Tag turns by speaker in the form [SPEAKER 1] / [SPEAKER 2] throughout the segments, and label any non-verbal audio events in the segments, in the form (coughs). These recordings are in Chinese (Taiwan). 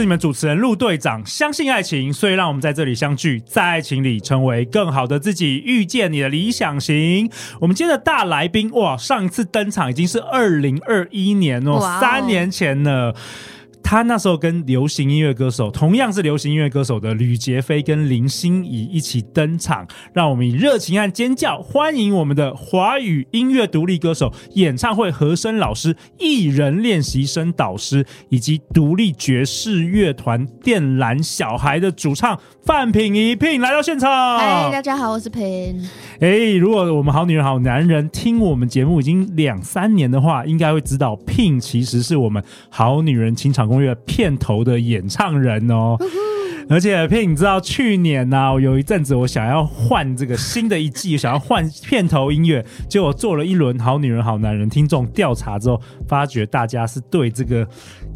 [SPEAKER 1] 是你們主持人路隊長，相信愛情，所以讓我們在這裡相聚，在愛情裡成為更好的自己，遇見你的理想型。我們今天的大來賓哇，上一次登場已經是二零二一年哦，wow. 三年前呢。他那時候跟流行音樂歌手，同樣是流行音樂歌手的呂杰飛跟林心怡一起登場，讓我們以熱情和尖叫歡迎我們的華語音樂獨立歌手、演唱會和聲老師、藝人練習生導師以及獨立爵士樂團靛藍小孩的主唱范品頤 P.i.N 來到現場。嗨，Hey，大
[SPEAKER 2] 家好，我是品。
[SPEAKER 1] 哎、欸，如果我們好女人好男人聽我們節目已經兩三年的話，應該會知道 PIN 其實是我們好女人情場攻略片頭的演唱人哦。 (laughs) 而且 Pin，你知道去年呢、啊，我有一陣子我想要換這個新的一季， (laughs) 想要換片頭音樂，就我做了一輪好女人好男人聽眾調查之後，發覺大家是對這個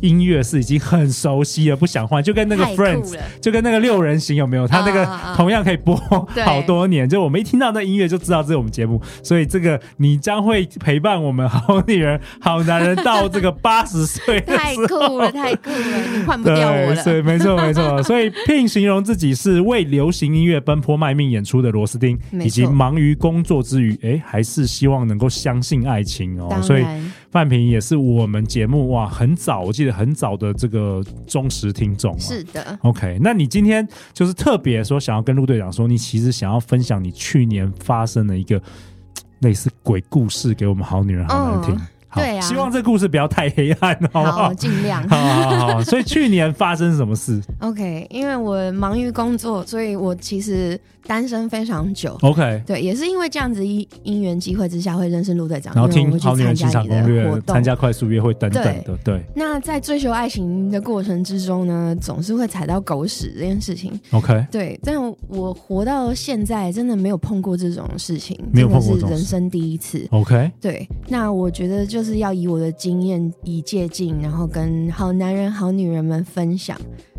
[SPEAKER 1] 音樂是已經很熟悉了，不想換，就跟那個 Friends，就跟那個六人行有沒有？他那個同樣可以播好多年，就我一聽到那音樂就知道這是我們節目，所以這個你將會陪伴我們好女人好男人到這個八十歲，太酷了，太酷了，你換不掉我了。對，所以沒錯沒錯，所以。並形容自己是為流行音樂奔波賣命演出的螺絲釘，以及忙於工作之餘，哎，還是希望能夠相信愛情哦。所以范平也是我們節目哇，很早我記得很早的這個忠實聽眾、啊。是的，OK，那你今天就是特別說想要跟陸隊長說，你其實想要分享你去年發生的一個類似鬼故事給我們好女人、哦、好難聽。
[SPEAKER 2] 對啊，希望這
[SPEAKER 1] 故事不要太黑暗，好不好？好，盡量，好，好，好。所以去年發生什麼事
[SPEAKER 2] (laughs) ？OK，因為我忙於工作，所以我其實，單身非常久，OK，對，也是因為這樣子，因因緣機會之下會認識路隊長，然後聽《好女人情場攻略》參加
[SPEAKER 1] 快速約會等等的對，對。
[SPEAKER 2] 那在追求愛情的過程之中呢，總是會踩到狗屎這件事情，OK，對。但我活到現在，真的沒有碰過這種事情，沒有碰過這種，是人生第一次，OK，對。那我覺得就是要以我的經驗以借鑑，然後跟好男人好女人們分享，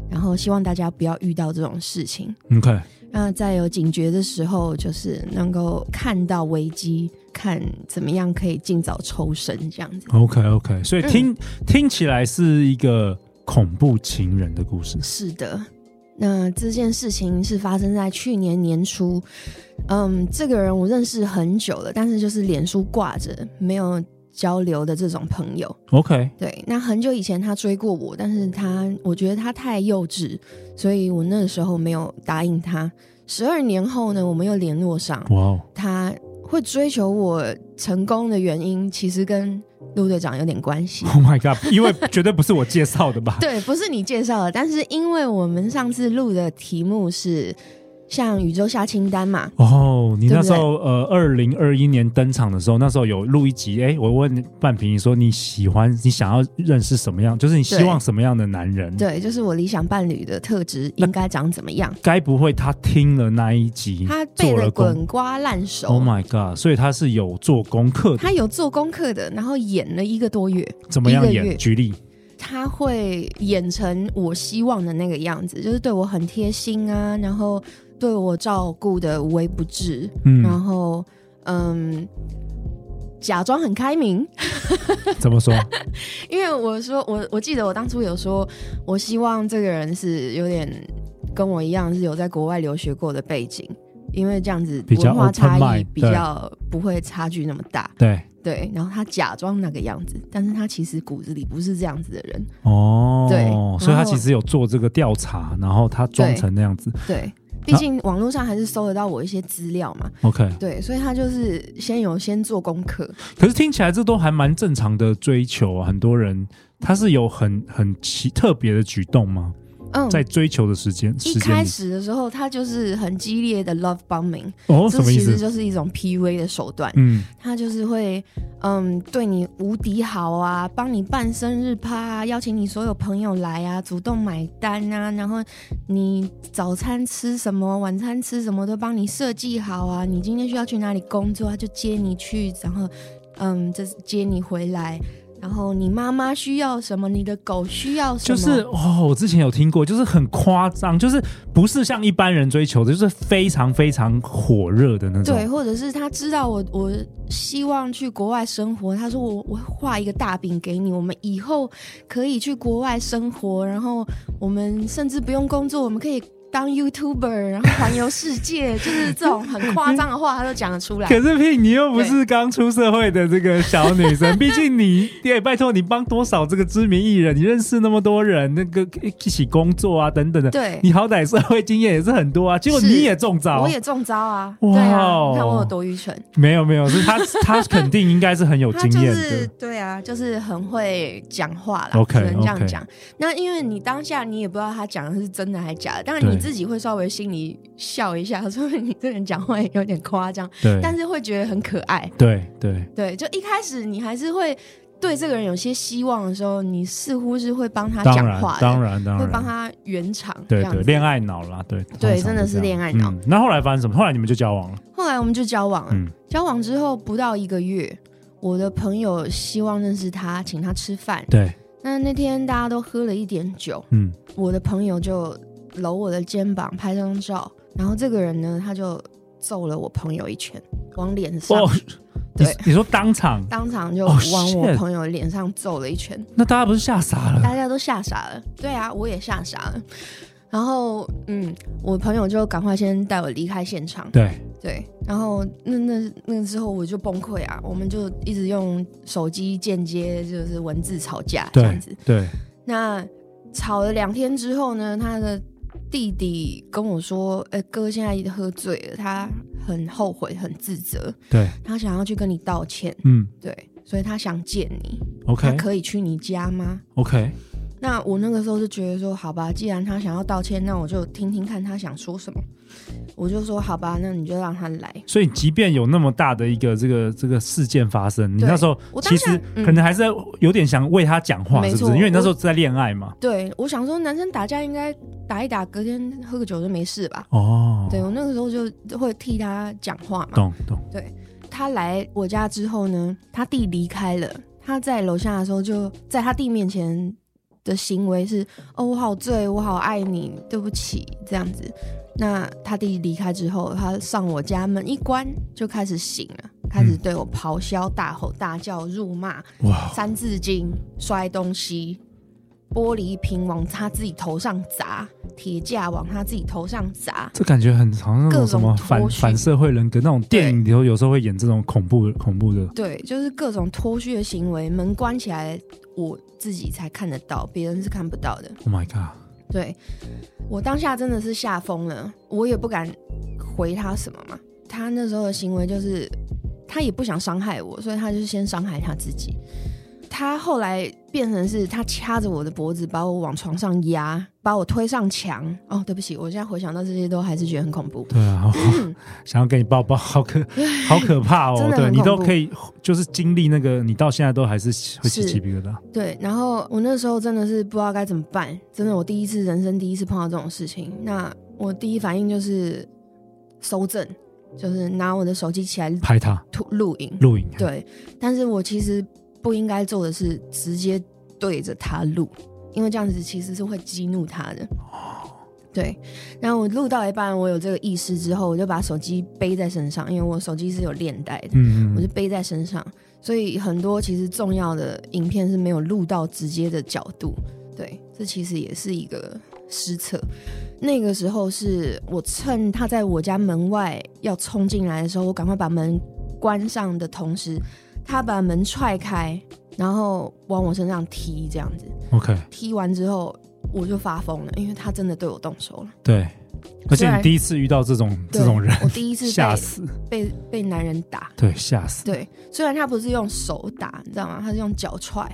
[SPEAKER 2] 然後希望大家不要遇到這種事情，OK。那在有警覺的時候，就是能夠看到危機，看怎麼樣可以儘早抽身這樣子。
[SPEAKER 1] OK OK，所以聽、嗯、聽起來是一個恐怖情人的故事。是
[SPEAKER 2] 的，那這件事情是發生在去年年初。嗯，這個人我認識很久了，但是就是臉書掛着沒有。交流的這種朋友，OK，對。那很久以前他追過我，但是他我覺得他太幼稚，所以我那時候沒有答應他。十二年後呢，我們又聯絡上。哇、wow.，他會追求我成功的原因，其實跟路隊長有點關係。Oh my
[SPEAKER 1] god！因為絕對不是我介紹的吧？ (laughs)
[SPEAKER 2] 對，不是你介紹的，但是因為我們上次錄的題目是。像宇宙下清單嘛？
[SPEAKER 1] 哦，你那時候對對呃，二零二一年登場的時候，那時候有錄一集。哎，我問半平你說，你喜歡，你想要認識什麼樣？就是你希望什麼樣的男人？
[SPEAKER 2] 對，對就是我理想伴侶的特質應該長怎麼樣？
[SPEAKER 1] 該不會他聽了那一集，他背得滾
[SPEAKER 2] 瓜爛熟？Oh
[SPEAKER 1] my god！所以他是有做功課的，他
[SPEAKER 2] 有做功課的，然後演了一個多月，怎麼樣演？舉例，他會演成我希望的那個樣子，就是對我很貼心啊，然後。對我照顧的無微不至，嗯，然後嗯，假裝很開明，怎麼說？ (laughs) 因為我說我我記得我當初有說，我希望這個人是有點跟我一樣是有在國外留學過的背景，因為這樣子文化差異比較不會差距那麼大，比較 open mind, 對對,對。然後他假裝那個樣子，但是他其實骨子裡不是這樣子的人
[SPEAKER 3] 哦，對，所以他其實有
[SPEAKER 1] 做這個調查，然後他裝成那樣子，
[SPEAKER 2] 對。對啊？畢竟網絡上還是搜得到我一些資料嘛，OK，對，所以他就是先有先做功課。
[SPEAKER 1] 可是聽起來這都還蠻正常的追求啊，很多人他是有很很奇特別的舉動嗎？在追求的時間，一開始
[SPEAKER 2] 的時候，他就是很激烈的 love bombing，哦，這其實就是一種 PUA 的手段。嗯，他就是會，嗯，對你無敵好啊，幫你辦生日趴啊，邀請你所有朋友來啊，主動買單啊，然後你早餐吃什麼，晚餐吃什麼，都幫你設計好啊。你今天需要去哪裡工作啊，他就接你去，然後，嗯，就是接你回來。然後你媽媽需要什麼？你的狗需要什麼？就是
[SPEAKER 1] 哦，我之前有聽過，就是很誇張，就是不是像一般人追求的，就是非常非常火熱的那種。對，
[SPEAKER 2] 或者是他知道我，我希望去國外生活，他說我，我畫一個大餅給你，我們以後可以去國外生活，然後我們甚至不用工作，我們可以，當 YouTuber，然後環遊世界， (laughs) 就是這種很誇張的話，他都講得出來。可是
[SPEAKER 1] PiN，你又不是剛出社會的這個小女生，畢竟你，也拜託你幫多少這個知名藝人，你認識那麼多人，那個一起工作啊，等等的。對。你好歹社會經驗也是很多啊，結果你也中招，我也
[SPEAKER 2] 中招啊。Wow、對啊，你看我有多愚蠢。
[SPEAKER 1] 沒有沒有，就是他 (laughs) 他肯定應該是很有經驗的、就是。
[SPEAKER 2] 對啊，就是很會講話啦。o、okay, 只能這樣講。Okay. 那因為你當下你也不知道他講的是真的還是假的，但是你。自己會稍微心裡笑一下，說你這人講話有點誇張，對，但是會覺得很可愛，對對對，就一開始你還是會對這個人有些希望的時候，你似乎是會幫他講話，當然當然會幫他圓場，對對，對，戀
[SPEAKER 1] 愛腦啦，對對，真的是
[SPEAKER 2] 戀愛腦。
[SPEAKER 1] 嗯，那後來發生什麼？後來你們就交
[SPEAKER 3] 往了。
[SPEAKER 2] 後來我們就交往了，嗯，交往之後不到一個月，我的朋友希望認識他，請他吃飯，對。那那天大家都喝了一點酒，嗯，我的朋友就。摟我的肩膀，拍張照，然後這個人呢，他就揍了我朋友一拳，往臉上。Oh,
[SPEAKER 1] 對，你說當場，
[SPEAKER 2] 當場就往我朋友臉上揍了一拳。Oh, 那大家不是嚇傻了？大家都嚇傻了，對啊，我也嚇傻了。然後，嗯，我朋友就趕快先帶我離開現場。對對，然後那那那之後，我就崩潰啊，我們就一直用手機間接就是文字吵架這樣
[SPEAKER 3] 子。對，
[SPEAKER 2] 對那吵了兩天之後呢，他的。弟弟跟我說：“誒、欸，哥，現在已經喝醉了，他很後悔，很自責。對，他想要去跟你道歉。嗯，對，所以他想見你。OK，他可以去你家嗎？OK。那我那個時候是覺得說，好吧，既然他想要道歉，那我就聽聽看他想說什麼。”我就說好吧，那你就讓他來。
[SPEAKER 1] 所以，即便有那麼大的一個這個這個事件發生，你那時候其實可能還是有點想為他講話，是不是？嗯。因為你那時候在戀愛嘛。
[SPEAKER 2] 對，我想說，男生打架應該打一打，隔天喝個酒就沒事吧。
[SPEAKER 3] 哦，
[SPEAKER 2] 對，我那個時候就會替他講話嘛。懂懂。對，他來我家之後呢，他弟離開了，他在樓下的時候就在他弟面前的行為是：哦，我好醉，我好愛你，對不起，這樣子。那他弟離開之後，他上我家門一關就開始醒了，開始對我咆哮、大吼大叫、辱罵、三字經、摔東西、玻璃瓶往他自己頭上砸、鐵架往他自己頭上砸，這
[SPEAKER 1] 感覺很常。那種什麼反反社會人格那種電影裡頭有時候會演這種恐怖的恐怖的。
[SPEAKER 2] 對，就是各種脫靴的行為，門關起來我自己才看得到，別人是看不到的。Oh my god！對，我當下真的是嚇瘋了，我也不敢回他什麼嘛。他那時候的行為就是，他也不想傷害我，所以他就先傷害他自己。他後來變成是他掐着我的脖子，把我往床上壓，把我推上牆。哦，對不起，我現在回想到這些都還是覺得很恐怖。對啊，
[SPEAKER 1] 哦、 (laughs) 想要給你抱抱，好可好可怕哦！ (laughs) 對你都可以，就是經歷那個，你到現在都還是會起起雞皮疙瘩？
[SPEAKER 2] 對，然後我那時候真的是不知道該怎麼辦，真的，我第一次人生第一次碰到這種事情。那我第一反應就是搜證，就是拿我的手機起來拍他，錄錄影，錄影。對，嗯、但是我其實。不應該做的是直接對着他錄，因為這樣子其實是會激怒他的。對。然後我錄到一半，我有這個意識之後，我就把手機背在身上，因為我手機是有鏈帶的，嗯嗯，我就背在身上。所以很多其實重要的影片是沒有錄到直接的角度。對，這其實也是一個失策。那個時候是我趁他在我家門外要衝進來的時候，我趕快把門關上的同時。他把門踹開，然後往我身上踢，這樣子。OK。踢完之後，我就發瘋了，因為他真的對我動手了。對，而且你第一
[SPEAKER 1] 次遇到這種這種人，我第一次嚇死，
[SPEAKER 2] 被被男人打，對，嚇死。對，雖然他不是用手打，你知道嗎？他是用腳踹。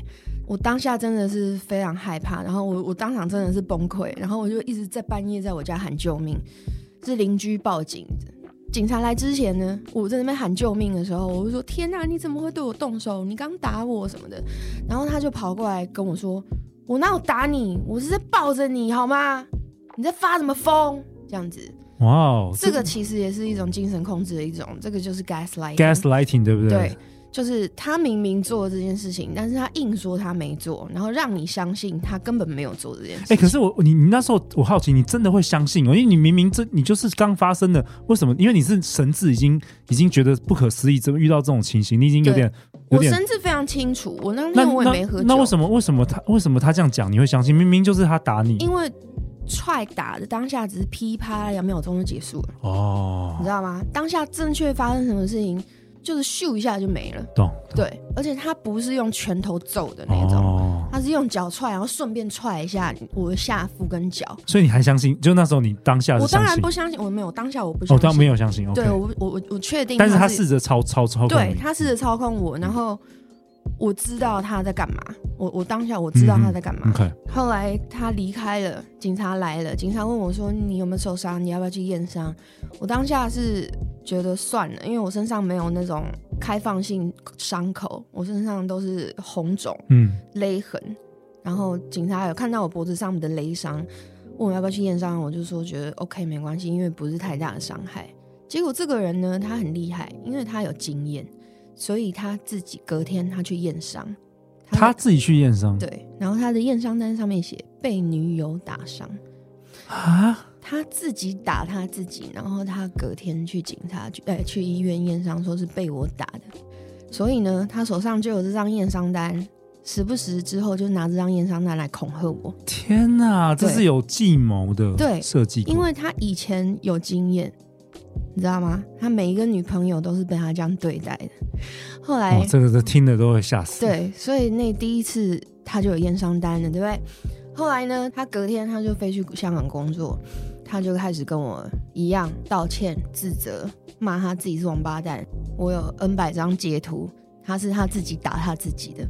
[SPEAKER 2] 我當下真的是非常害怕，然後我我當場真的是崩潰，然後我就一直在半夜在我家喊救命，是鄰居報警。警察來之前呢，我在那邊喊救命的時候，我就說：天哪，你怎麼會對我動手？你剛打我什麼的？然後他就跑過來跟我說：我哪有打你？我是在抱着你好嗎？你在發什麼瘋？這樣子，
[SPEAKER 3] 哇哦，這個
[SPEAKER 2] 其實也是一種精神控制的一種，這個就是 gaslighting，gaslighting 對不對？對。就是他明明做了這件事情，但是他硬說他沒做，然後讓你相信他根本沒有做這件事情。哎、欸，可
[SPEAKER 1] 是我你你那時候我好奇，你真的會相信哦？因為你明明這你就是剛發生的，為什麼？因為你是神智已經已經覺得不可思議，這麼遇到這種情形？你已經有點，有點，我神
[SPEAKER 2] 智非常清楚。我那天我也那沒喝那，那為
[SPEAKER 1] 什麼為什麼他為什麼他這樣講你會相信？明明就是他打你，因
[SPEAKER 2] 為踹打的當下只是噼啪兩秒鐘就結束
[SPEAKER 3] 了哦，你
[SPEAKER 2] 知道嗎？當下正確發生什麼事情？就是咻一下就沒了，懂？對，而且他不是用拳頭揍的那一
[SPEAKER 3] 種，哦，他
[SPEAKER 2] 是用腳踹，然後順便踹一下我的下腹跟腳。
[SPEAKER 1] 所以你還相信？就那時候你當下我當然不
[SPEAKER 2] 相信，我沒有當下我不相信，我、哦、當沒有相信。Okay，對我我我確定，但是他試着操操操控，對，他試着操控我，然後。我知道他在幹嘛，我我當下我知道他在幹嘛，嗯 okay。後來他離開了，警察來了，警察問我說：“你有沒有受傷？你要不要去驗傷？”我當下是覺得算了，因為我身上沒有那種開放性傷口，我身上都是紅腫、嗯、勒痕。然後警察有看到我脖子上面的勒傷，問我要不要去驗傷，我就說覺得 OK 沒關係，因為不是太大的傷害。結果這個人呢，他很厲害，因為他有經驗。所以他自己隔天他去驗傷，他自
[SPEAKER 1] 己去驗傷，對。
[SPEAKER 2] 然後他的驗傷單上面寫被女友打傷，啊，他自己打他自己，然後他隔天去警察局、呃、去醫院驗傷，說是被我打的。所以呢，他手上就有這張驗傷單，時不時之後就拿這張驗傷單來恐嚇我。天
[SPEAKER 1] 哪、啊，這是有計謀的，對，設計，因
[SPEAKER 2] 為他以前有經驗。你知道嗎？他每一個女朋友都是被他這樣對待的。後來，哦、這
[SPEAKER 1] 個都聽了都會嚇死。對，
[SPEAKER 2] 所以那第一次他就有驗傷單了，對不對？後來呢，他隔天他就飛去香港工作，他就開始跟我一樣道歉、自責、罵他自己是王八蛋。我有 N 百張截圖，他是他自己打他自己的。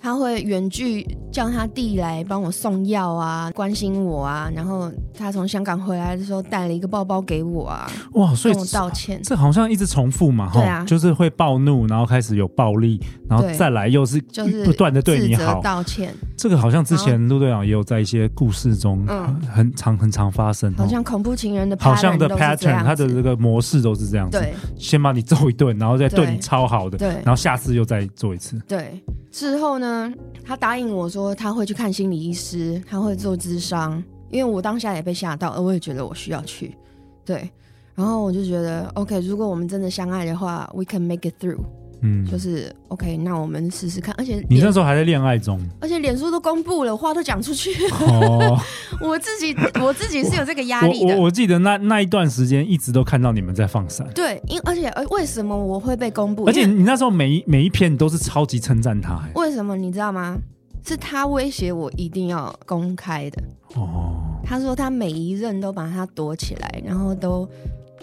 [SPEAKER 2] 他會遠距叫他弟來幫我送藥啊，關心我啊。然後他從香港回來的時候帶了一個包包給我啊。哇，所以跟我道歉，這
[SPEAKER 1] 好像一直重複嘛，哈、啊，就是會暴怒，然後開始有暴力，然後再來又是就是不斷的對你好、就是、道歉。這個好像之前路隊長也有在一些故事中，嗯，很常很常發生。好像
[SPEAKER 2] 恐怖情人的，好像的 pattern，他的
[SPEAKER 1] 這個模式都是這樣子。對，先把你揍一頓，然後再對你超好的，對，然後下次又再做一次。
[SPEAKER 2] 對，之後呢，他答應我說他會去看心理醫師，他會做諮商，因為我當下也被嚇到，而我也覺得我需要去。對，然後我就覺得 OK，如果我們真的相愛的話，we can make it through。嗯，就是 OK，那我們試試看。而且你那時
[SPEAKER 1] 候還在戀愛中，
[SPEAKER 2] 而且臉書都公布了，話都講出去。哦呵呵，我自己我自己是有這個壓力的。我我，我，我
[SPEAKER 1] 記得那那一段時間一直都看到你們在放閃。
[SPEAKER 2] 對，因而且為什麼我會被公布？而且
[SPEAKER 1] 你那時候每一每一篇都是超級稱讚他。
[SPEAKER 2] 為什麼你知道嗎？是他威脅我一定要公開的。哦，他說他每一任都把他躲起來，然後都。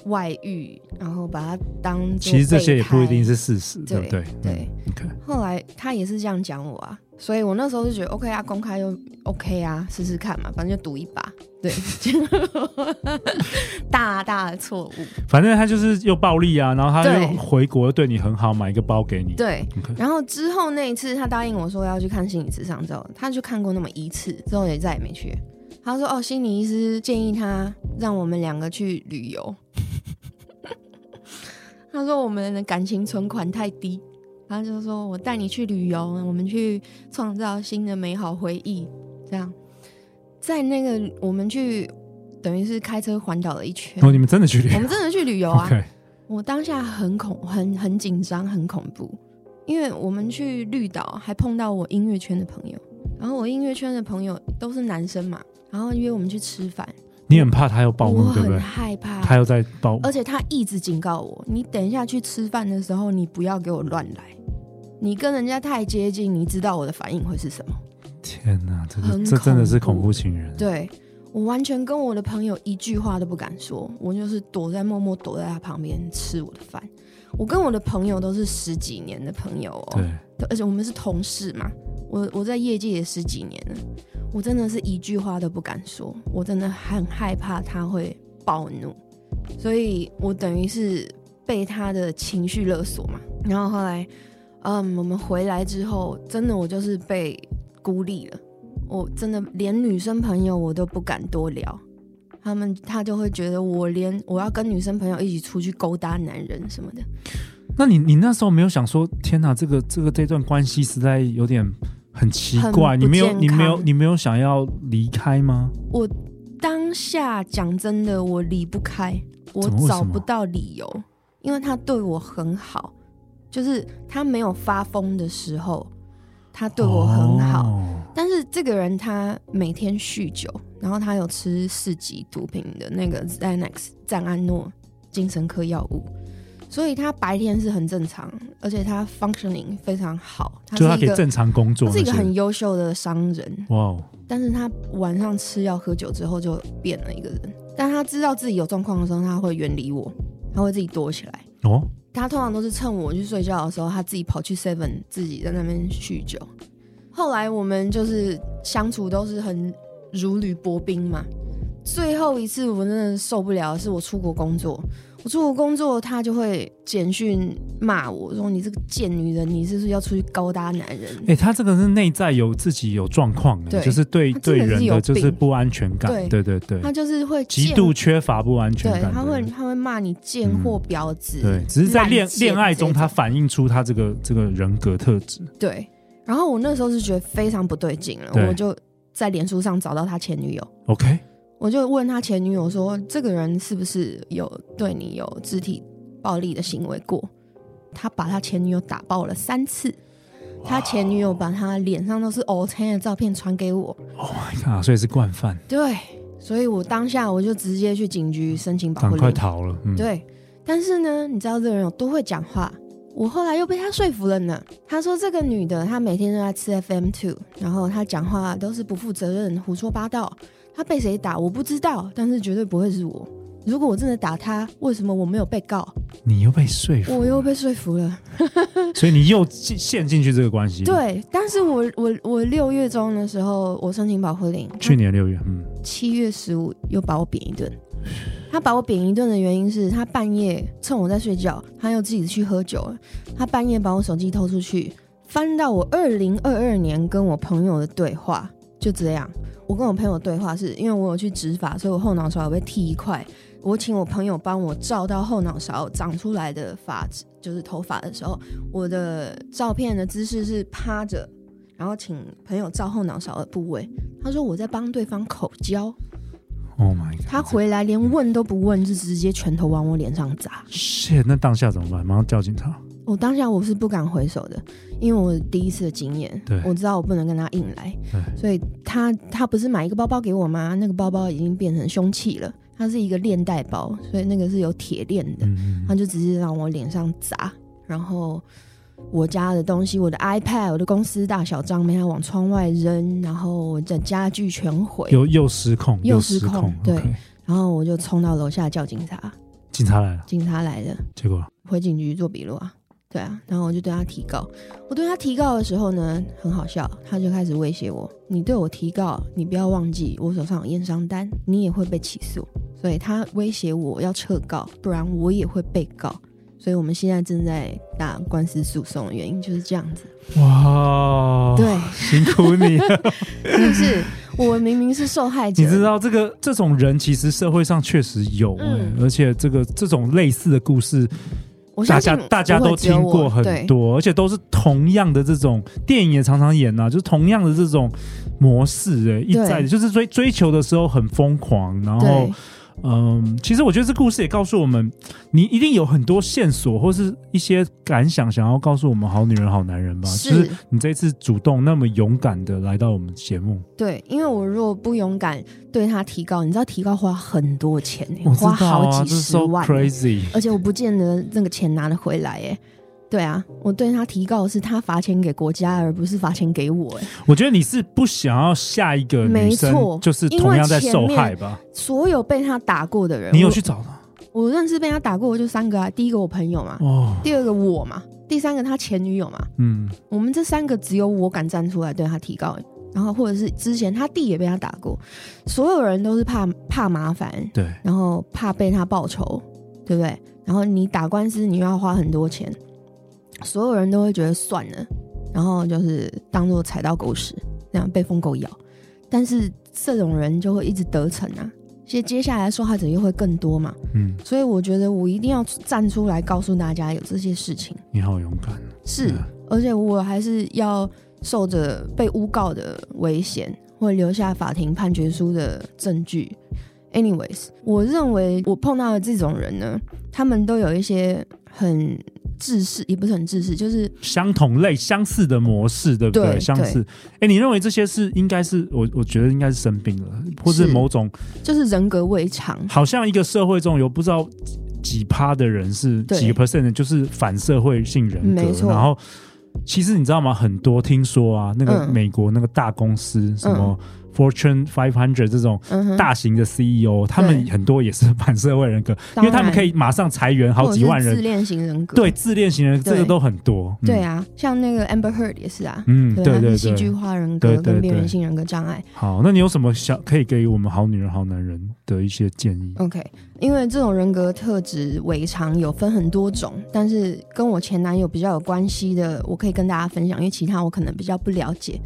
[SPEAKER 2] 外遇，然後把他當做，其實這些也不一定是事實，對，對不對？對。嗯 okay. 後來他也是這樣講我啊，所以我那時候就覺得 OK 啊，公開又 OK 啊，試試看嘛，反正就賭一把。對， (laughs) (laughs) 大大的錯誤。
[SPEAKER 1] 反正他就是又暴力啊，然後他又回國又對你很好，買一個包給你。
[SPEAKER 2] 對。Okay. 然後之後那一次他答應我說要去看心理諮商之後，他就看過那麼一次，之後也再也沒去。他說哦，心理醫師建議他讓我們兩個去旅遊。他說我們的感情存款太低，他就說我帶你去旅遊，我們去創造新的美好回憶。這樣，在那個我們去等於是開車環島了一圈。哦，你們真的去旅遊啊？我們真的去旅遊啊！Okay. 我當下很恐，很很緊張，很恐怖，因為我們去綠島還碰到我音樂圈的朋友，然後我音樂圈的朋友都是男生嘛，然後約我們去吃飯。
[SPEAKER 1] 你很怕他又暴怒，對不對？我很害怕，對對他又在暴怒，而且
[SPEAKER 2] 他一直警告我：“你等一下去吃飯的時候，你不要給我亂來，你跟人家太接近，你知道我的反應會是什麼？”
[SPEAKER 1] 天哪，這這真的是恐怖情人！
[SPEAKER 2] 對，我完全跟我的朋友一句話都不敢說，我就是躲在默默躲在他旁邊吃我的飯。我跟我的朋友都是十幾年的朋友哦，對，而且我們是同事嘛，我我在業界也十幾年了。我真的是一句話都不敢說，我真的很害怕他會暴怒，所以我等於是被他的情緒勒索嘛。然後後來，嗯，我們回來之後，真的我就是被孤立了，我真的連女生朋友我都不敢多聊，他們他就會覺得我連我要跟女生朋友一起出去勾搭男人什麼的。
[SPEAKER 1] 那你你那時候沒有想說，天哪，這個這個這段關係實在有點。很奇怪很，你沒有，你沒有，你沒有想要離開嗎？
[SPEAKER 2] 我當下講真的，我離不開，我找不到理由，因為他對我很好，就是他沒有發瘋的時候，他對我很好，哦。但是這個人他每天酗酒，然後他有吃四級毒品的那個 Xanax 贊安諾精神科藥物。所以他白天是很正常，而且他 functioning 非常好，他是就是他可以正常工作，他是一個很優秀的商人。哇、wow！但是他晚上吃藥喝酒之後就變了一個人。但他知道自己有狀況的時候，他會遠離我，他會自己躲起來。哦、oh？他通常都是趁我去睡覺的時候，他自己跑去 Seven，自己在那邊酗酒。後來我們就是相處都是很如履薄冰嘛。最後一次我真的受不了的，是我出國工作。我出國工作，他就會簡訊罵我說：“你這個賤女人，你是不是要出去勾搭男人？”哎、
[SPEAKER 1] 欸，他這個是內在有自己有狀況、欸，就是對是有對人的就是不安全感，對對，對對，他就是會極度缺乏不安全感，他
[SPEAKER 2] 會他會罵你賤貨婊子，嗯、對，只是在戀戀愛中戀愛，
[SPEAKER 1] 他反映出他這個這個人格特質。
[SPEAKER 2] 對，然後我那時候是覺得非常不對勁了，我就在臉書上找到他前女友。OK。我就問他前女友說：“這個人是不是有對你有肢體暴力的行為過？”他把他前女友打爆了三次，他前女友把他臉上都是毆打的照片傳給我。Oh
[SPEAKER 1] my god！所以是慣犯。
[SPEAKER 2] 對，所以我當下我就直接去警局申請保護令。趕快
[SPEAKER 1] 逃了、嗯。對，
[SPEAKER 2] 但是呢，你知道這個人有多會講話？我後來又被他說服了呢。他說這個女的她每天都在吃 FM two，然後他講話都是不負責任、胡說八道。他被誰打？我不知道，但是絕對不會是我。如果我真的打他，為什麼我沒有被告？
[SPEAKER 1] 你又被說服，我
[SPEAKER 2] 又被說服了，
[SPEAKER 1] (laughs) 所以你又陷進去這個關係。對，
[SPEAKER 2] 但是我我我六月中的時候，我申請保護令，去年六月，嗯，七月十五又把我扁一頓、嗯。他把我扁一頓的原因是他半夜趁我在睡覺，他又自己去喝酒了。他半夜把我手機偷出去，翻到我二零二二年跟我朋友的對話。就這樣，我跟我朋友對話是，是因為我有去植髮，所以我後腦勺有被剃一塊。我請我朋友幫我照到後腦勺長出來的髮質，就是頭髮的時候，我的照片的姿勢是趴着，然後請朋友照後腦勺的部位。他說我在幫對方口交，oh my god，他回來連問都不問，就直接拳頭往我臉上砸。
[SPEAKER 3] 謝，
[SPEAKER 1] 那當下怎麼辦？馬上叫警察。
[SPEAKER 2] 我當下我是不敢回首的，因為我第一次的經驗，我知道我不能跟他硬來，對所以他他不是買一個包包給我嗎？那個包包已經變成凶器了，它是一個鏈帶包，所以那個是有鐵鏈的嗯嗯嗯，他就直接讓我臉上砸，然後我家的東西，我的 iPad，我的公司大小張被他往窗外扔，然後我的家具全毀，又又
[SPEAKER 1] 失,又失控，又失控，對
[SPEAKER 2] ，okay、然後我就衝到樓下叫警察，
[SPEAKER 1] 警察來了，
[SPEAKER 2] 嗯、警察來了，結果、啊、回警局做筆錄啊。對啊，然後我就對他提告。我對他提告的時候呢，很好笑，他就開始威脅我：“你對我提告，你不要忘記我手上有驗傷單，你也會被起訴。”所以他威脅我要撤告，不然我也會被告。所以我們現在正在打官司訴訟的原因就是這樣子。
[SPEAKER 1] 哇，對，辛苦你
[SPEAKER 2] 了， (laughs) 是不是？我明明是受害者。你知道這個
[SPEAKER 1] 這種人其實社會上確實有、欸嗯，而且這個這種類似的故事。
[SPEAKER 2] 大家大家都聽過很多，而且都是
[SPEAKER 1] 同樣的這種電影也常常演吶、啊，就是同樣的這種模式、欸，哎，一再就是追追求的時候很瘋狂，然後。嗯，其實我覺得這故事也告訴我們，你一定有很多線索或是一些感想，想要告訴我們好女人、好男人吧？是，就是、你這次主動那麼勇敢的來到我們節目，
[SPEAKER 2] 對，因為我如果不勇敢對他提高，你知道提高花很多錢哎、欸啊，花好幾十萬、so crazy，而且我不見得那個錢拿得回來耶、欸。對啊，我對他提告是他罰錢給國家，而不是罰錢給我。哎，
[SPEAKER 1] 我覺得你是不想要下一個女生，沒錯，就是同樣在受害吧？
[SPEAKER 2] 所有被他打過的人，你有去找嗎？我，我認識被他打過，就三個啊。第一個我朋友嘛，哦，第二個我嘛，第三個他前女友嘛。嗯，我們這三個只有我敢站出來對他提告。然後或者是之前他弟也被他打過，所有人都是怕怕麻煩，對，然後怕被他報仇，對不對？然後你打官司，你又要花很多錢。所有人都會覺得算了，然後就是當做踩到狗屎那樣被瘋狗咬，但是這種人就會一直得逞啊！其實接下來受害者又會更多嘛。嗯，所以我覺得我一定要站出來告訴大家有這些事情。
[SPEAKER 1] 你好勇敢啊，
[SPEAKER 2] 是，嗯，而且我還是要受着被誣告的危險，會留下法庭判決書的證據。Anyways，我認為我碰到的這種人呢，他們都有一些很。制式也不是很制式，就是
[SPEAKER 1] 相同類相似的模式，對不對？相似，哎，你認為這些是應該是我？我覺得應該是生病了，或是某種是
[SPEAKER 2] 就是人格違常。好
[SPEAKER 1] 像一個社會中有不知道幾趴的人是幾個 percent，就是反社會性人格對。然後，其實你知道嗎？很多聽說啊，那個美國那個大公司什麼。嗯嗯 Fortune Five Hundred 這種大型的 CEO、嗯、他們很多也是反社會人格，因為他們可以馬上裁員好幾萬人。自戀型人格對，對自戀型人，這個都很多對、嗯。對啊，
[SPEAKER 2] 像那個 Amber Heard 也是啊，嗯、對，啊對對對，戲劇化人格跟邊緣性人格障礙。
[SPEAKER 1] 好，那你有什麼想可以給我們好女人、好男人的一些建議
[SPEAKER 2] ？OK。因為這種人格特質違常有分很多種，但是跟我前男友比較有關係的，我可以跟大家分享。因為其他我可能比較不了解。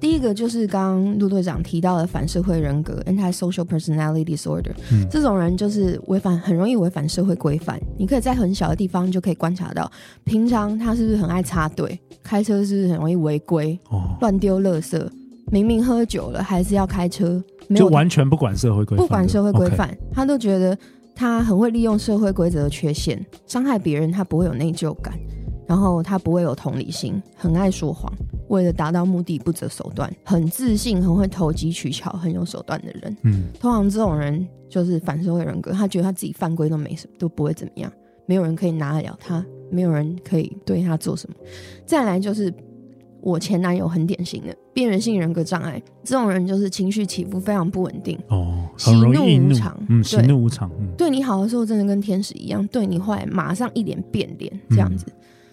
[SPEAKER 2] 第一個就是剛剛路隊長提到的反社會人格 （Antisocial Personality Disorder），這種人就是違反，很容易違反社會規範。你可以在很小的地方就可以觀察到，平常他是不是很愛插隊，開車是不是很容易違規，哦、亂丟垃圾，明明喝酒了還是要開車，就完
[SPEAKER 1] 全不管社會規範，不管社會規範
[SPEAKER 2] ，OK、他都覺得。他很會利用社會規則的缺陷傷害別人，他不會有內疚感，然後他不會有同理心，很愛說謊，為了達到目的不擇手段，很自信，很會投機取巧，很有手段的人。嗯，通常這種人就是反社會人格，他覺得他自己犯規都沒什麼，都不會怎麼樣，沒有人可以拿得了他，沒有人可以對他做什麼。再來就是。我前男友很典型的邊緣性人格障礙，這種人就是情緒起伏非常不穩定哦，喜怒，怒無常。嗯，喜怒無常對、嗯。對你好的時候真的跟天使一樣，對你壞馬上一臉變臉，這樣子、嗯、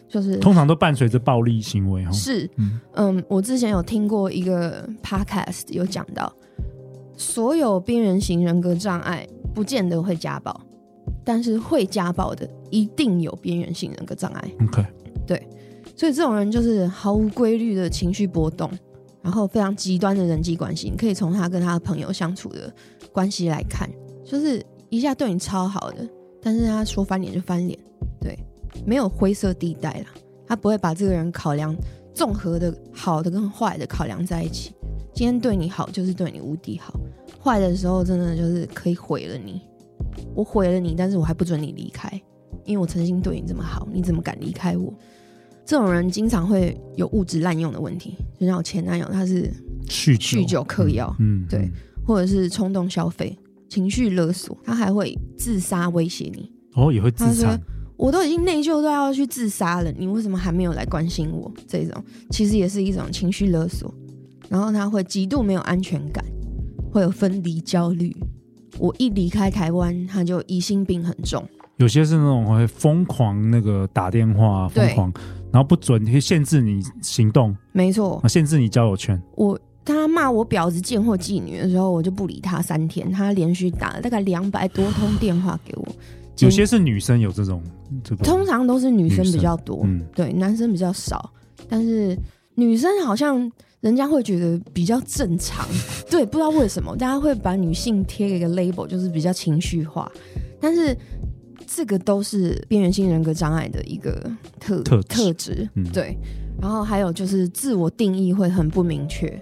[SPEAKER 2] 就是通常
[SPEAKER 1] 都伴隨着暴力行為哈、哦。是
[SPEAKER 2] 嗯，嗯，我之前有聽過一個 podcast 有講到，所有邊緣型人格障礙不見得會家暴，但是會家暴的一定有邊緣性人格障礙。OK，對。所以這種人就是毫無規律的情緒波動，然後非常極端的人際關係。你可以從他跟他的朋友相處的關係來看，就是一下對你超好的，但是他說翻臉就翻臉，對，沒有灰色地帶了。他不會把這個人考量綜合的好的跟壞的考量在一起。今天對你好就是對你無敵好，壞的時候真的就是可以毀了你。我毀了你，但是我還不准你離開，因為我曾經對你這麼好，你怎麼敢離開我？這種人經常會有物質濫用的問題，就像我前男友，他是酗酒、酗酒、嗑藥，嗯，對，或者是衝動消費、情緒勒索，他還會自殺威脅你。
[SPEAKER 1] 哦，也會自殺。
[SPEAKER 2] 我都已經內疚到要去自殺了，你為什麼還沒有來關心我？這種其實也是一種情緒勒索。然後他會極度沒有安全感，會有分離焦慮。我一離開台灣，他就疑心病很重。
[SPEAKER 1] 有些是那種會瘋狂那個打電話，瘋狂。然後不准，可以限制你行動。沒錯，限制你交友圈。
[SPEAKER 2] 我他罵我婊子、賤貨、妓女的時候，我就不理他三天。他連續打了大概兩百多通電話給我。 (laughs) 有
[SPEAKER 1] 些是女生有這種，這種，通常都是
[SPEAKER 2] 女生比較多，嗯，對，男生比較少。但是女生好像人家會覺得比較正常， (laughs) 對，不知道為什麼，大家會把女性貼給一個 label，就是比較情緒化。但是。這個都是邊緣性人格障礙的一個特特特質，特質嗯、對。然後還有就是自我定義會很不明確，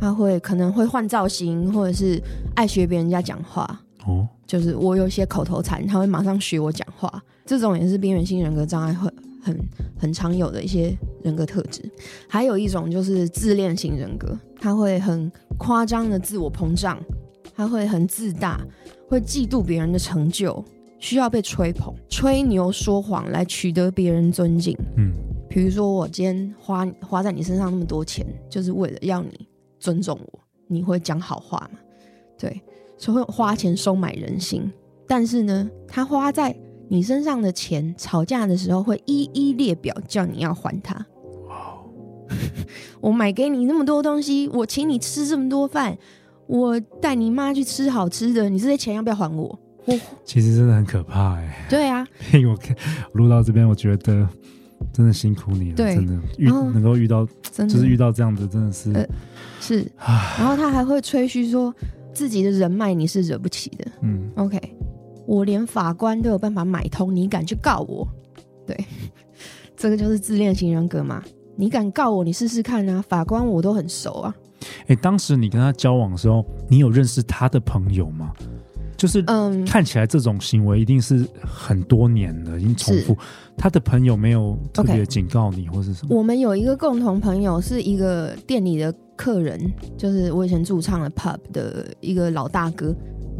[SPEAKER 2] 他會可能會換造型，或者是愛學別人家講話。哦，就是我有些口頭禪，他會馬上學我講話。這種也是邊緣性人格障礙會很很、很常有的一些人格特質。還有一種就是自戀型人格，他會很誇張的自我膨脹，他會很自大，會嫉妒別人的成就。需要被吹捧、吹牛、說謊來取得別人尊敬。嗯，比如說我今天花花在你身上那麼多錢，就是為了要你尊重我。你會講好話嗎？對，所以會花錢收買人心。但是呢，他花在你身上的錢，吵架的時候會一一列表叫你要還他。哇， (laughs) 我買給你那麼多東西，我請你吃這麼多飯，我帶你媽去吃好吃的，你這些錢要不要還我？
[SPEAKER 1] 其實真的很可怕哎、欸。對啊，嘿， (laughs) 我錄到這邊，我覺得真的辛苦你了，對真的遇、啊、能夠遇到真的，就是遇到這樣子，真的是、呃、
[SPEAKER 2] 是。然後他還會吹噓說自己的人脈你是惹不起的。嗯，OK，我連法官都有辦法買通，你敢去告我？對， (laughs) 這個就是自戀型人格嘛。你敢告我，你試試看啊！法官我都很熟啊。
[SPEAKER 1] 哎、欸，當時你跟他交往的時候，你有認識他的朋友嗎？就是，嗯，看起來這種行為一定是很多年了、嗯，已經重複。他的朋友沒有特別警告你、okay.，或是什麼？
[SPEAKER 2] 我們有一個共同朋友，是一個店裡的客人，就是我以前駐唱的 pub 的一個老大哥，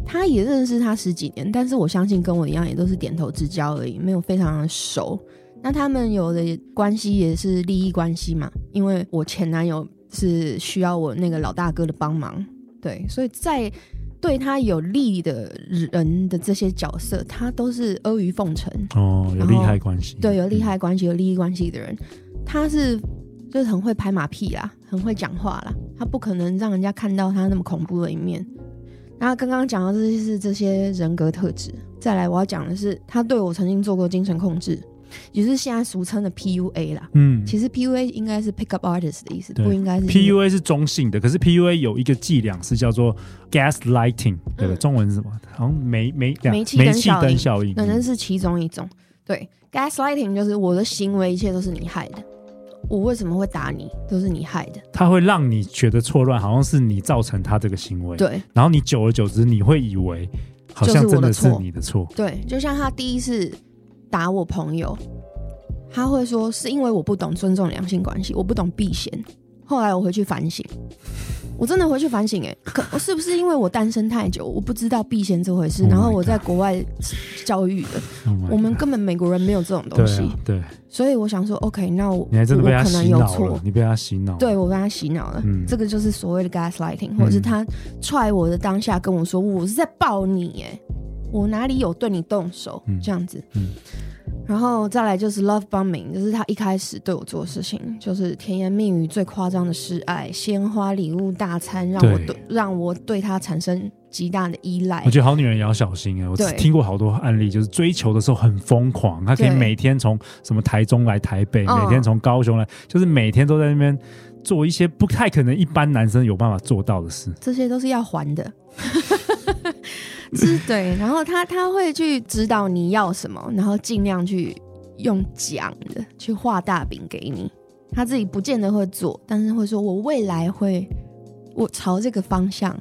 [SPEAKER 2] 他也認識他十幾年。但是我相信跟我一樣，也都是點頭之交而已，沒有非常的熟。那他們有的關係也是利益關係嘛？因為我前男友是需要我那個老大哥的幫忙，對，所以在。對他有利的人的這些角色，他都是阿諛奉承
[SPEAKER 3] 哦，有利害關係。對，
[SPEAKER 2] 有利害關係、有利益關係的人，嗯、他是就是很會拍馬屁啦，很會講話啦，他不可能讓人家看到他那麼恐怖的一面。那剛剛講到的這是，是這些人格特質，再來我要講的是，他對我曾經做過精神控制。就是現在俗稱的 P U A 啦，嗯，其實 P U A 應該是 pick up artist 的意思，不應該是 P U A
[SPEAKER 1] 是中性的，可是 P U A 有一個伎倆是叫做 gas lighting，對、嗯、對，中文是什麼？好像煤氣燈效應，可能
[SPEAKER 2] 是其中一種。對，gas lighting 就是我的行為，一切都是你害的，我為什麼會打你，都是你害的。他
[SPEAKER 1] 會讓你覺得錯亂，好像是你造成他這個行為，對。然後你久而久之，你會以為好像真的是你的錯。
[SPEAKER 2] 對，就像他第一次。打我朋友，他會說是因為我不懂尊重兩性關係，我不懂避嫌。後來我回去反省，我真的回去反省、欸，哎，可我是不是因為我單身太久，我不知道避嫌這回事？Oh、然後我在國外教育的、oh，我們根本美國人沒有這種東西，oh 對，啊、對。所以我想說，OK，那我，我可能有錯，你被他洗腦，對我被他洗腦了、嗯，這個就是所謂的 gaslighting，或者是他踹我的當下跟我說、嗯、我是在抱你、欸，哎。我哪裡有對你動手？嗯、這樣子、嗯，然後再來就是 love bombing，就是他一開始對我做的事情，就是甜言蜜語、最誇張的示愛、鮮花、禮物、大餐，讓我對，對讓我對他產生極大的依賴。我
[SPEAKER 1] 覺得好女人也要小心啊、欸！我聽過好多案例，就是追求的時候很瘋狂，他可以每天從什麼台中來台北，每天從高雄來、哦，就是每天都在那邊做一些不太可能一般男生有辦法做到的事。
[SPEAKER 2] 這些都是要還的。 (laughs) (laughs) 是，對。然後他他會去指導你要什麼，然後儘量去用講的去畫大餅給你。他自己不見得會做，但是會說：“我未來會我朝這個方向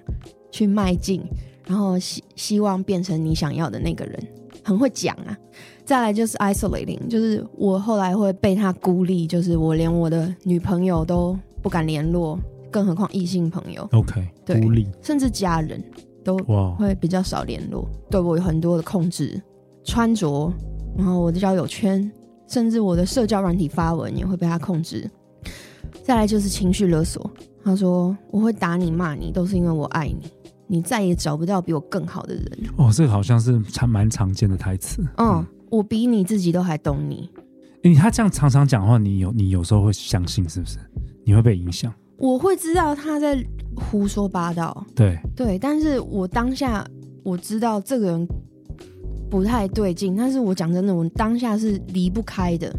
[SPEAKER 2] 去邁進，然後希希望變成你想要的那個人。”很會講啊。再來就是 isolating，就是我後來會被他孤立，就是我連我的女朋友都不敢聯絡，更何況異性朋友。
[SPEAKER 3] OK，對，孤立，
[SPEAKER 2] 甚至家人。都會比較少聯絡，wow，對，我有很多的控制，穿着，然後我的交友圈，甚至我的社交軟體發文也會被他控制。再來就是情緒勒索，他說我會打你罵你，都是因為我愛你，你再也找不到比我更好的人。
[SPEAKER 1] 哦，這個好像是蠻常見的台詞，
[SPEAKER 2] 嗯。嗯，我比你自己都還懂你。
[SPEAKER 1] 哎，他這樣常常講話，你有你有時候會相信是不是？你會被影響？
[SPEAKER 2] 我會知道他在胡說八道，對對，但是我當下我知道這個人不太對勁，但是我講真的，我當下是離不開的，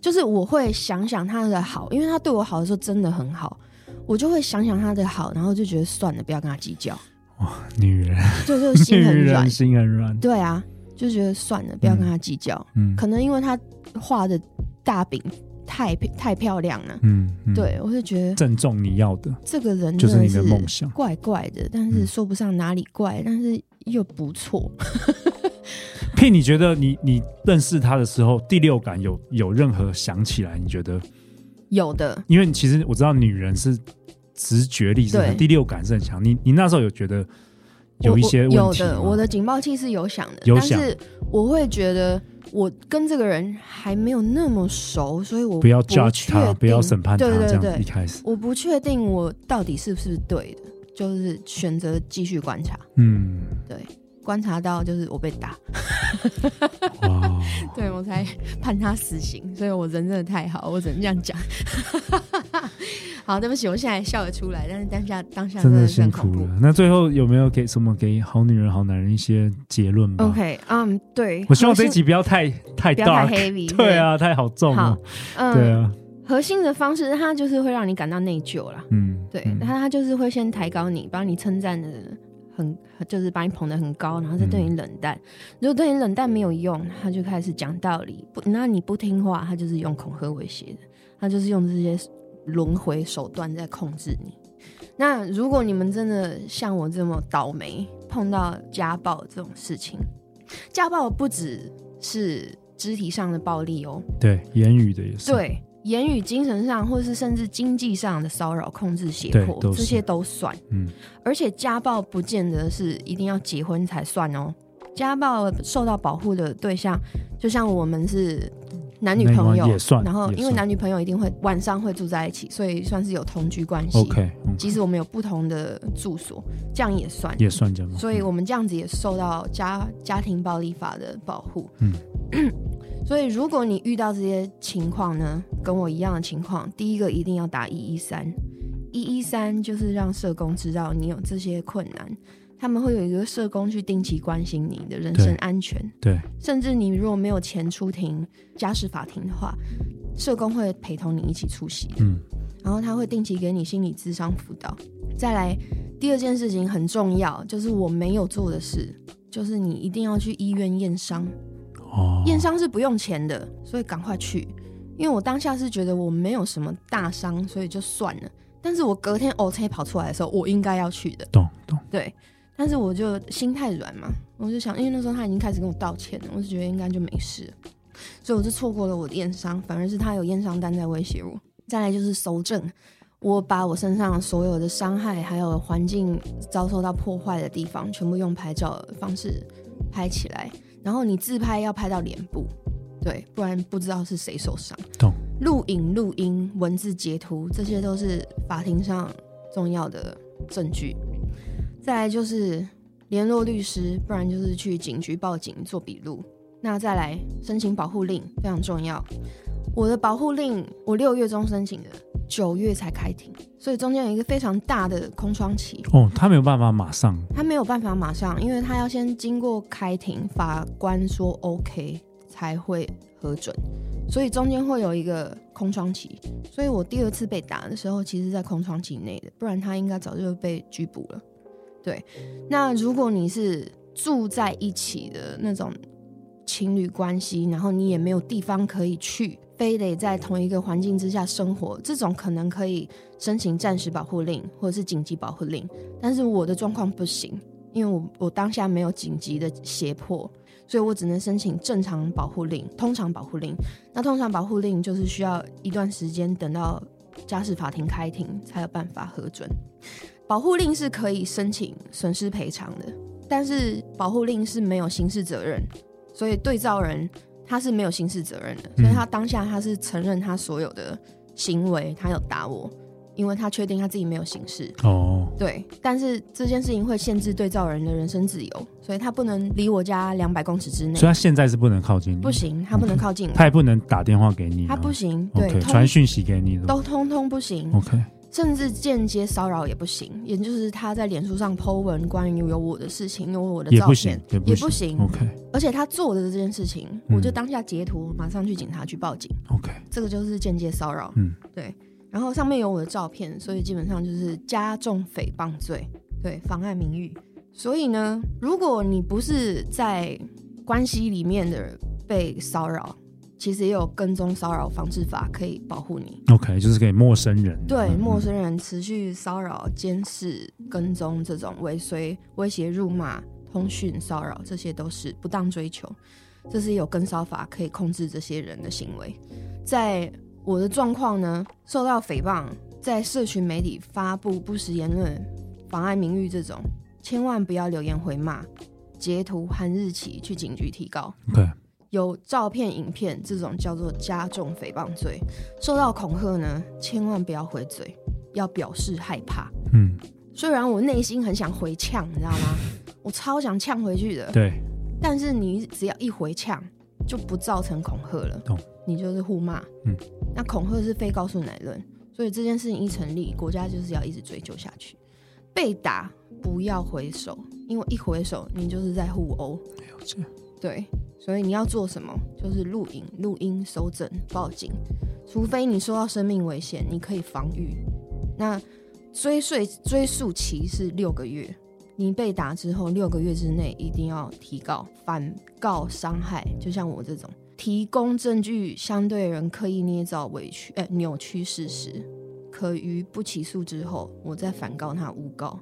[SPEAKER 2] 就是我會想想他的好，因為他對我好的時候真的很好，我就會想想他的好，然後就覺得算了，不要跟他計較。
[SPEAKER 1] 哇、
[SPEAKER 2] 就是，女人就就心很軟，
[SPEAKER 1] 心很軟，
[SPEAKER 2] 對啊，就覺得算了，不要跟他計較。嗯，可能因為他畫的大餅。太太漂亮了，嗯，嗯，對我是覺得
[SPEAKER 1] 正中你要的這個人，是怪怪，就是你的夢想，
[SPEAKER 2] 怪怪的，但是說不上哪裡怪，嗯、但是又不錯。
[SPEAKER 1] P (laughs) 你覺得你你認識他的時候，第六感有有任何想起來？你覺得有的，因為其實我知道女人是直覺力，第六感是很強。你你那時候有覺得
[SPEAKER 2] 有一些問題？我我有的？我的警報器是有響的，有響，但是我會覺得。我跟這個人還沒有那麼熟，所以我不，確定不要 j u 他，不要審判他，對對、對、對，我不確定我到底是不是對的，就是選擇繼續觀察。嗯，對。觀察到就是我被打、wow. (laughs) 對，對我才判他死刑，所以我人真的太好，我只能這樣講。 (laughs) 好，對不起，我現在笑得出來，但是當下當下真的,真的辛苦
[SPEAKER 1] 了。那最後有沒有給什麼給好女人、好男人一些結論
[SPEAKER 2] ？OK，嗯、um,，對，我希望這一集
[SPEAKER 1] 不要太、嗯、太 dark、太 heavy 對啊對，太好重了，好，嗯，對啊。
[SPEAKER 2] 核心的方式，它就是會讓你感到內疚了，嗯，對，那、嗯、它就是會先抬高你，幫你稱讚的。很就是把你捧得很高，然後再對你冷淡。嗯。如果對你冷淡沒有用，他就開始講道理。不，那你不聽話，他就是用恐嚇威脅的，他就是用這些輪迴手段在控制你。那如果你們真的像我這麼倒霉，碰到家暴這種事情，家暴不只是肢體上的暴力哦，
[SPEAKER 1] 對，言語的也是。對。
[SPEAKER 2] 言語、精神上，或是甚至經濟上的騷擾、控制、脅迫，這些都算。嗯，而且家暴不見得是一定要結婚才算哦。家暴受到保護的對象，就像我們是男女朋友，那個、然後因為男女朋友一定會、嗯、晚上會住在一起，所以算是有同居關係。Okay, okay. 即使我們有不同的住所，這樣也算，也算這樣，所以我們這樣子也受到家、嗯、家庭暴力法的保護。
[SPEAKER 3] 嗯。
[SPEAKER 2] (coughs) 所以，如果你遇到這些情況呢，跟我一樣的情況，第一個一定要打一一三，一一三就是讓社工知道你有這些困難，他們會有一個社工去定期關心你的人身安全。對。對，甚至你如果沒有錢出庭家事法庭的話，社工會陪同你一起出席。嗯。
[SPEAKER 3] 然
[SPEAKER 2] 後他會定期給你心理諮商輔導。再來，第二件事情很重要，就是我沒有做的事，就是你一定要去醫院驗傷。驗傷是不用錢的，所以趕快去。因為我當下是覺得我沒有什麼大傷，所以就算了。但是我隔天 OK 跑出來的時候，我應該要去的。懂懂。對，但是我就心太軟嘛，我就想，因為那時候他已經開始跟我道歉了，我就覺得應該就沒事，所以我就錯過了我的驗傷，反而是他有驗傷單在威脅我。再來就是搜證，我把我身上所有的傷害，還有環境遭受到破壞的地方，全部用拍照的方式拍起來。然後你自拍要拍到臉部，對，不然不知道是誰受傷。懂。錄影、錄音、文字截圖，這些都是法庭上重要的證據。再來就是聯絡律師，不然就是去警局報警做筆錄。那再來申請保護令，非常重要。我的保護令我六月中申請的。九月才開庭，所以中間有一個非常大的空窗期。
[SPEAKER 1] 哦，他沒有辦法馬上，
[SPEAKER 2] 他沒有辦法馬上，因為他要先經過開庭，法官說 OK 才會核准，所以中間會有一個空窗期。所以我第二次被打的時候，其實在空窗期內的，不然他應該早就被拘捕了。對，那如果你是住在一起的那種情侶關係，然後你也沒有地方可以去，非得在同一個環境之下生活，這種可能可以申請暫時保護令或者是緊急保護令，但是我的狀況不行，因為我我當下沒有緊急的脅迫，所以我只能申請正常保護令，通常保護令。那通常保護令就是需要一段時間，等到家事法庭開庭才有辦法核准。保護令是可以申請損失賠償的，但是保護令是沒有刑事責任，所以對照人。他是沒有刑事責任的，所以他當下他是承認他所有的行為，嗯、他有打我，因為他確定他自己沒有刑事哦，對，但是這件事情會限制對照人的人身自由，所以他不能離我家兩百公尺之內，所以他
[SPEAKER 1] 現在是不能靠近你？不
[SPEAKER 2] 行，他不能靠近，okay. 他
[SPEAKER 1] 也不能打電話給你。啊，他不行，okay, 對，傳訊息給你是不是都
[SPEAKER 2] 通通不行，OK。甚至間接騷擾也不行，也就是他在臉書上 po 文關於有我的事情，有我的照片也不行,也不行，也不行。而且他做的這件事情，okay. 我就當下截圖，馬上去警察去報警。OK，這個就是間接騷擾。嗯，對。然後上面有我的照片，所以基本上就是加重誹謗罪，對，妨害名譽。所以呢，如果你不是在關係裡面的人被騷擾，其實也有跟蹤騷擾防治法可以保護你。
[SPEAKER 1] OK，就是給陌生人。對，陌
[SPEAKER 2] 生人持續騷擾、監視、跟蹤這種尾隨、威脅、辱罵、通訊騷擾，這些都是不當追求。這是有跟騷法可以控制這些人的行為。在我的狀況呢，受到誹謗，在社群媒體發布不實言論，妨礙名譽，這種千萬不要留言回罵，截圖含日期去警局提告。對、okay。有照片、影片這種叫做加重誹謗罪。受到恐嚇呢，千萬不要回嘴，要表示害怕。嗯，雖然我內心很想回嗆，你知道嗎？ (laughs) 我超想嗆回去的。對。但是你只要一回嗆，就不造成恐嚇了。懂、哦。你就是互罵。
[SPEAKER 3] 嗯。
[SPEAKER 2] 那恐嚇是非告訴乃論。所以這件事情一成立，國家就是要一直追究下去。被打不要回手，因為一回手你就是在互毆。有這、嗯、對。所以你要做什麼？就是錄影、錄音、蒐證、報警。除非你受到生命危險，你可以防禦。那追訴追訴期是六個月。你被打之後，六個月之內一定要提告、反告傷害。就像我這種，提供證據，相對人刻意捏造、委屈、欸、扭曲事實，可於不起訴之後，我再反告他誣告。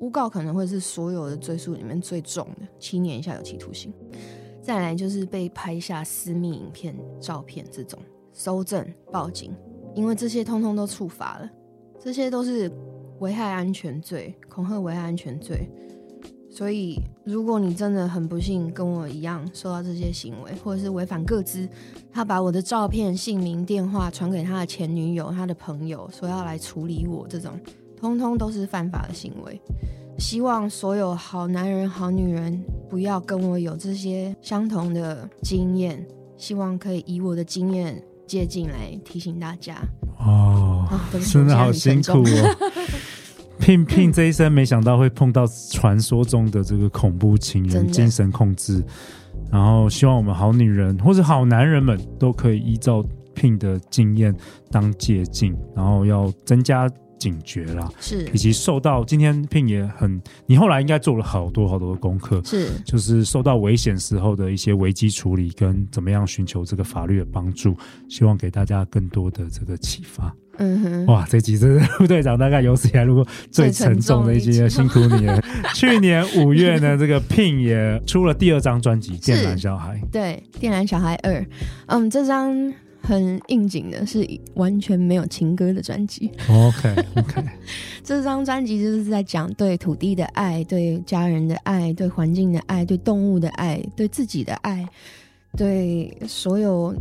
[SPEAKER 2] 誣告可能會是所有的追訴裡面最重的，七年以下有期徒刑。再來就是被拍下私密影片、照片這種，蒐證、報警，因為這些通通都觸法了，這些都是危害安全罪、恐嚇危害安全罪。所以，如果你真的很不幸跟我一樣受到這些行為，或者是違反個資，他把我的照片、姓名、電話傳給他的前女友、他的朋友，說要來處理我，這種通通都是犯法的行為。希望所有好男人、好女人不要跟我有這些相同的經驗。希望可以以我的經驗借鏡來提醒大家
[SPEAKER 1] 哦。哦，真的好辛苦哦！ (laughs) Pin，Pin 這一生沒想到會碰到傳說中的這個恐怖情人，精神控制。然後希望我們好女人或是好男人們都可以依照 Pin 的經驗當借鏡，然後要增加。警覺啦，是，以及受到今天 P.i.N 也很，你後來應該做了好多好多的功課，是，呃、就是受到危險時候的一些危機處理跟怎麼樣尋求這個法律的幫助，希望給大家更多的這個啟發。嗯
[SPEAKER 3] 哼，哇，
[SPEAKER 1] 這集是路隊長大概有史以來錄過最沉重的一集。辛苦你了。 (laughs) 去年五月呢， (laughs) 這個 P.i.N 也出了第二張專輯《靛藍小孩》，
[SPEAKER 2] 對，《靛藍小孩二》，嗯，這張。很應景的，是完全沒有情歌的專輯。OK OK， (laughs) 這張專輯就是在講對土地的愛，對家人的愛，對環境的愛，對動物的愛，對自己的愛，對所有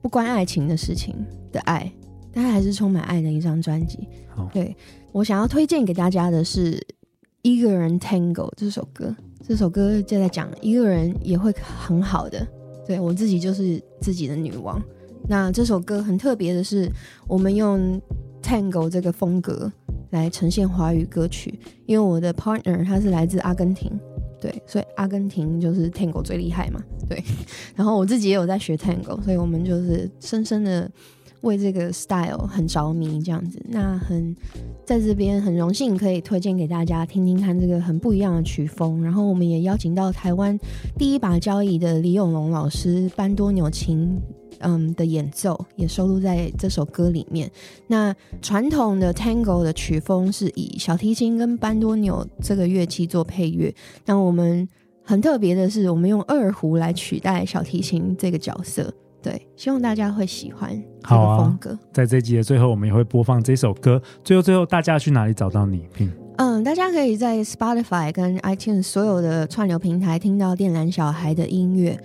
[SPEAKER 2] 不關愛情的事情的愛。但還是充滿愛的一張專輯。Oh. 對，我想要推薦給大家的是《一個人 Tango》這首歌。這首歌就在講一個人也會很好的。對，我自己就是自己的女王。那這首歌很特別的是，我們用 Tango 這個風格來呈現華語歌曲，因為我的 partner 他是來自阿根廷，對，所以阿根廷就是 Tango 最厲害嘛，對。然後我自己也有在學 Tango，所以我們就是深深的為這個 style 很着迷，這樣子。那很在這邊很榮幸可以推薦給大家聽聽看這個很不一樣的曲風。然後我們也邀請到台灣第一把交椅的李永龍老師，班多紐琴。嗯，的演奏也收錄在這首歌裡面。那傳統的 Tango 的曲風是以小提琴跟班多紐這個樂器做配樂。那我們很特別的是，我們用二胡來取代小提琴這個角色。對，希望大家會喜歡這個風格。
[SPEAKER 1] 啊，在這集的最後，我們也會播放這首歌。最後，最後，大家去哪裡找到你？嗯，
[SPEAKER 2] 嗯，大家可以在 Spotify 跟 iTunes 所有的串流平台聽到靛藍小孩的音樂。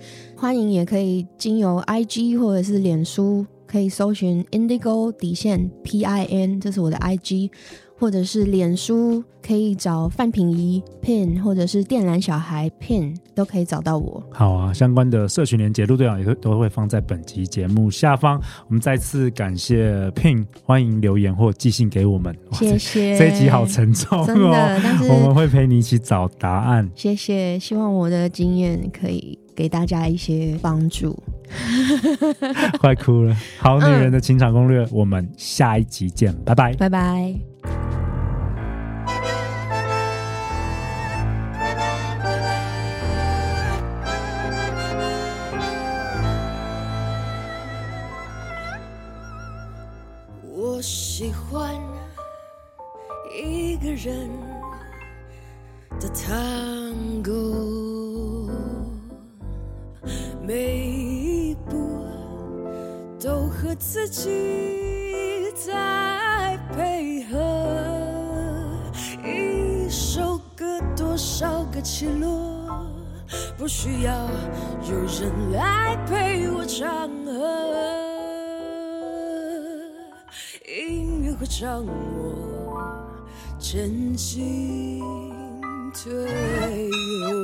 [SPEAKER 2] 歡迎，也可以經由 IG 或者是臉書，可以搜尋 Indigo 底線 PIN，這是我的 IG，或者是臉書可以找范品頤 PIN，或者是靛藍小孩 PIN，都可以找到我。
[SPEAKER 1] 好啊，相關的社群連結，路隊長也會都會放在本集節目下方。我們再次感謝 PIN，歡迎留言或寄信給我們。
[SPEAKER 2] 謝謝。這，這一集好沉
[SPEAKER 1] 重哦，真的，我們會陪你一起找答案。
[SPEAKER 2] 謝謝，希望我的經驗可以。給大家一些幫助，
[SPEAKER 1] 快哭了好，嗯好！好女人的情場攻略，我們下一集見，拜拜，
[SPEAKER 2] 拜拜，嗯。
[SPEAKER 3] 我喜歡一個人的糖果。嗯嗯嗯自己在配合，一首歌多少個起落，不需要有人來陪我唱和。音樂會唱我前進退後。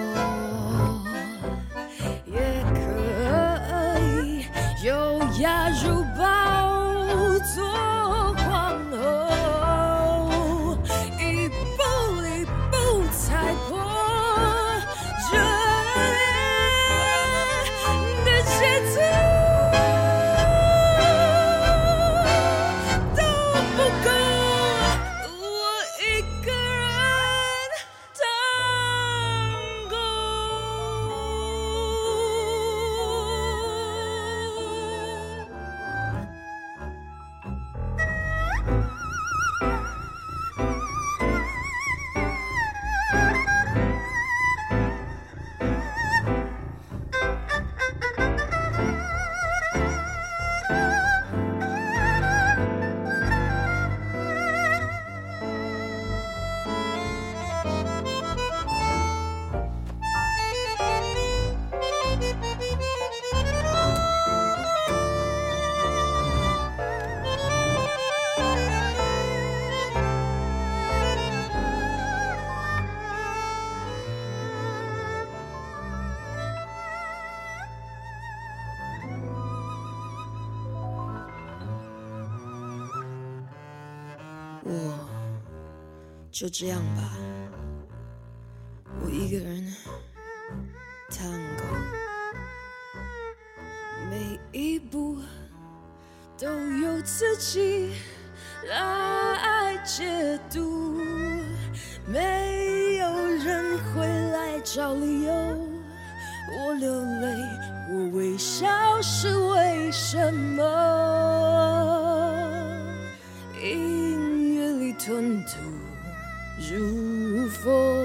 [SPEAKER 3] 就這樣吧，我一個人探戈，每一步都由自己來解讀，沒有人會來找理由。我流淚，我微笑是為什麼？音樂裡吞吐。如風。